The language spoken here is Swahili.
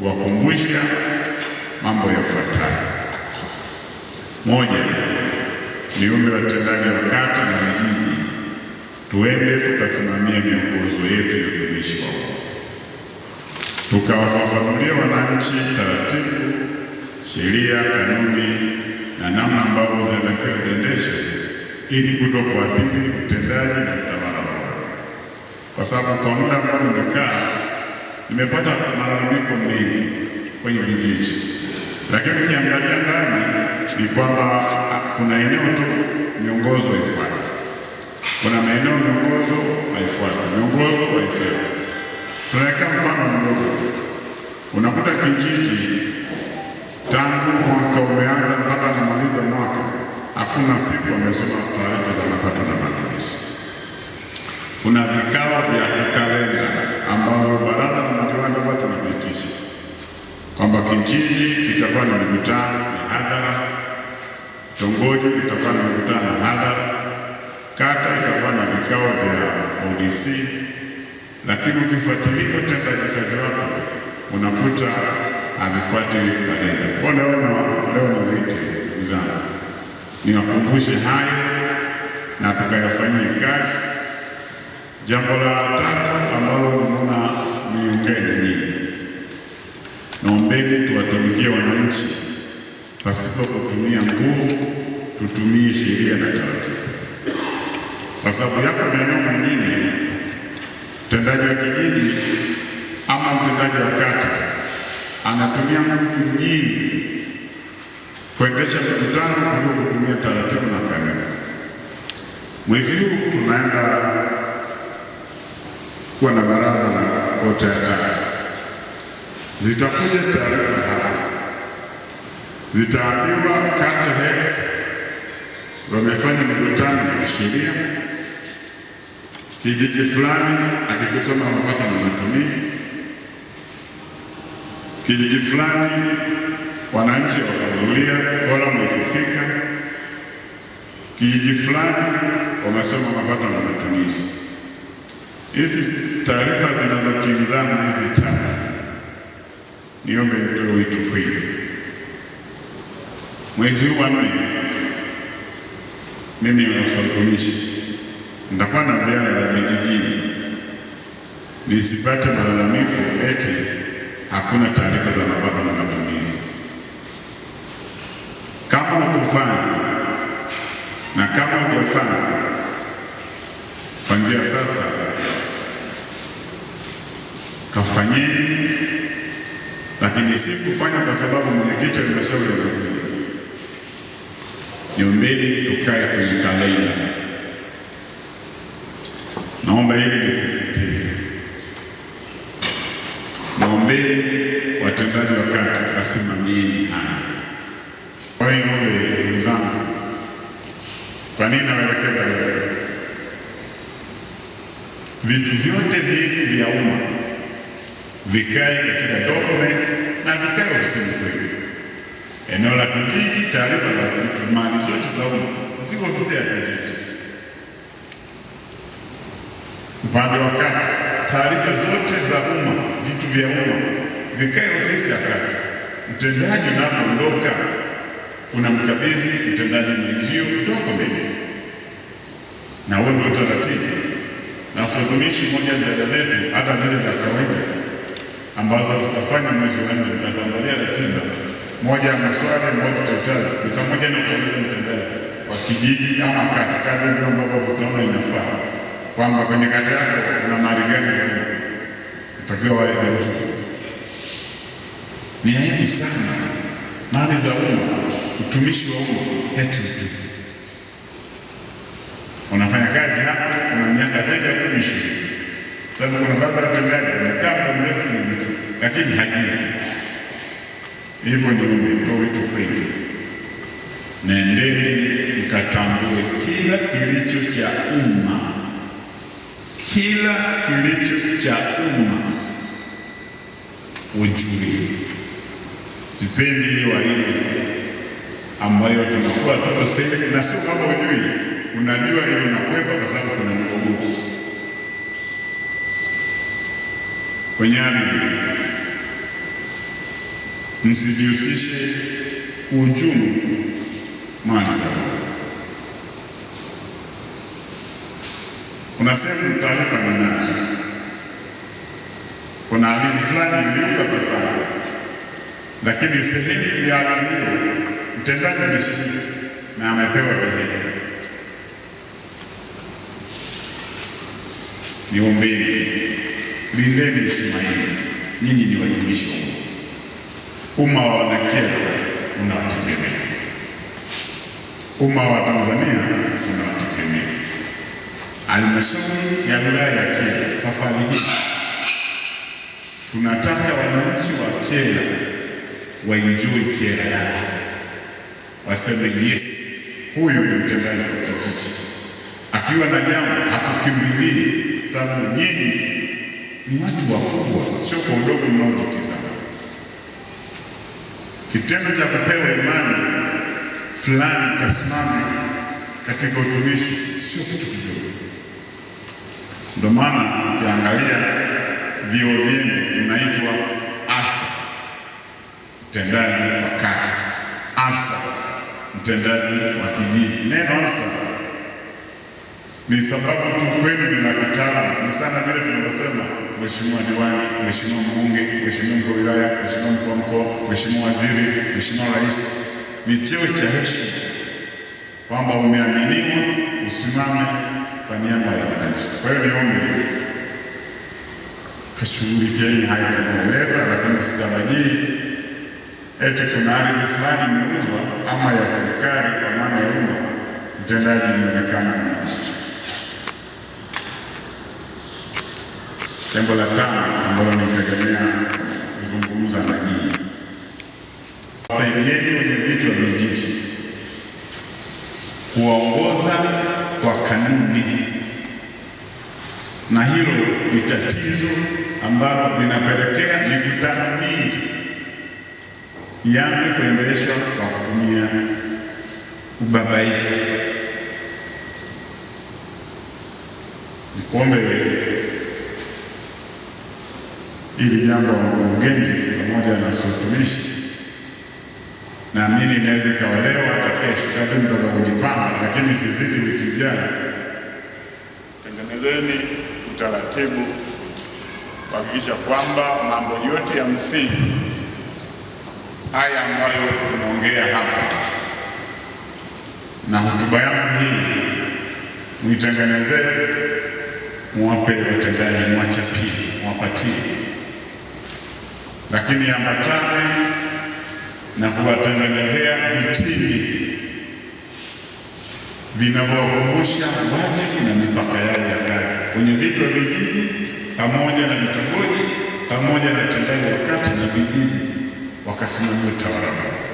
kuwakumbusha mambo yafuatayo. Moja, niombe watendaji wa kata na vijiji tuende tukasimamia miongozo yetu ya utumishi wa umma, tukawafafanulia wananchi taratibu, sheria, kanuni na namna ambavyo zinatakiwa ziendeshe ili kutokuathiri utendaji na utawala wao, kwa sababu kwa muda ambao umekaa nimepata malalamiko mengi kwenye vijiji, lakini ukiangalia ndani ni kwamba kuna eneo tu miongozo haifuati, kuna maeneo miongozo haifuati, miongozo haifuati. Tunaweka mfano mdogo tu, unakuta kijiji tangu mwaka umeanza mpaka namaliza mwaka, hakuna siku wamesoma taarifa za mapato na matumizi. Kuna vikao vya kikalenda ambavyo baraza kwamba kijiji kitakuwa na mikutano na hadhara, kitongoji kitakuwa na mikutano na hadhara, kata itakuwa na vikao vya ODC, lakini ukifuatilia utendaji kazi wako unakuta havifuati kalenda. Kwa leo ni ndugu zangu, niwakumbushe haya na tukayafanyia kazi. Jambo la tatu ambalo unaona niungeni nyinyi Naombeni tuwatumikie wananchi pasipo kutumia nguvu, tutumie sheria na taratibu, kwa sababu yako maeneo mengine mtendaji wa kijiji ama mtendaji wa kata anatumia nguvu nyingi kuendesha mkutano kuliko kutumia taratibu na kanuni. Mwezi huu tunaenda kuwa na baraza la kata Zitakuja taarifa hapa, zitaambiwa kata HES wamefanya mkutano wa kisheria, kijiji fulani akikusoma mapato na matumizi, kijiji fulani wananchi wakahudhuria, forum ikifika, kijiji fulani wamesoma mapato na matumizi. Hizi taarifa zinazokinzana hizi tatu niombe nitoe wito kwenu. Mwezi huu wa nne mimi ni afisa utumishi, nitakuwa na ziara za vijijini, nisipate malalamifu eti hakuna taarifa za mababa na matumizi. Kama ukufanya na kama ujafanya, kuanzia sasa kafanyeni lakini sikufanya kwa sababu mwenyekiti wa halmashauri ya niombeni tukae kwenye kalenda. Naomba hili nisisitize, naombeni watendaji wa kata kasimamieni haya. Kwa hiyo ng'ombe, ndugu kwa nini nawelekeza wewe? Vitu vyote vyetu vya umma vikae katika document na vikae ofisini kwenu. Eneo la kijiji, taarifa za mali zote za umma ziko ofisi ya kijiji. Upande wa kata, taarifa zote za umma, vitu vya umma vikae ofisi ya kata. Mtendaji unapoondoka kuna mkabidhi mtendaji mwenzio documents, na huo ndio utaratibu na ufazumishi moja zile zetu, hata zile za kawaida ambazo tutafanya mwezi wa nne. Tutaangalia ratiba moja ya maswali ambayo tutahitaji ni pamoja na ukaguzi mtendaji wa kijiji ama kata, vile ambavyo tutaona inafaa kwamba kwenye kata yako kuna mali gani zitakiwa waelewe. Ni aibu sana mali za umma, utumishi wa umma eti unafanya kazi hapa kuna miaka zaidi ya kumi ishirini sasa kuna baadhi ya watu ndani mrefu ni mtu, lakini hajui hivyo. Ndio umetoa wito kweli, nendeni mkatambue kila kilicho cha umma, kila kilicho cha umma ujue. Sipendi hiyo aibu ambayo tunakuwa tuko sehemu na sio kama ujui, unajua ndio unakwepa, kwa sababu kuna kwenye ardhi. Msijihusishe kuhujumu mali za Mungu. Kuna sehemu taarifa manaji, kuna ardhi fulani iliuza barabara, lakini sehemu ya ardhi hiyo mtendaji ameshika na amepewa pengine ni umbili lindeni Ishmaeli, nyinyi ni watumishi wa umma wa Wanakea unawategemea, umma wa Tanzania unawategemea. Halmashauri ya wilaya ya Kyela, safari hii tunataka wananchi wa Kyela waenjoy Kyela yao, waseme yes, huyu ni mtendaji wa kijiji, akiwa na jambo hakukimbilii, sababu nyinyi ni watu wakubwa, sio kwa udogo mnaojitizama. Kitendo cha kupewa imani fulani kasimame katika utumishi sio kitu kidogo. Ndio maana ukiangalia vyuo vingi vinaitwa ASA, mtendaji wa kata, ASA mtendaji wa kijiji. Neno ASA ni sababu tu kweli ni la ni sana, vile tunavyosema mheshimiwa diwani, mheshimiwa mbunge, mheshimiwa mkuu wa wilaya, mheshimiwa mkuu wa mkoa, mheshimiwa waziri, mheshimiwa rais, ni cheo cha heshima kwamba umeaminiwa usimame kwa niaba ya wananchi. Kwa hiyo niombe kashughulikieni haya tunaeleza, lakini sitarajii eti kuna ardhi fulani imeuzwa ama ya serikali kwa maana ya umma, mtendaji inaonekana Jambo la tano ambalo nitegemea kuzungumza na nyinyi, wasaidieni wenye vichwa vya jeshi kuwaongoza kwa kanuni, na hilo ni tatizo ambalo linapelekea mikutano mingi ianze kuendeshwa kwa kutumia ubabaiki. Nikuombe wewe ili jambo la mkurugenzi pamoja na mtumishi, naamini inaweza ikaolewa hata kesho, kadri mtu lakini sizidi wiki ijayo. Tengenezeni utaratibu kuhakikisha kwamba mambo yote ya msingi haya ambayo tunaongea hapa na hotuba yangu hii mwitengenezee, mwape watendaji, mwachapie, mwapatie lakini ambatane na kuwatengenezea vitini vinavyowakumbusha wajibu na mipaka yao ya kazi kwenye vitu vijiji pamoja na vitongoji pamoja na utendaji wakati na vijiji, wakasimamia utawala wao.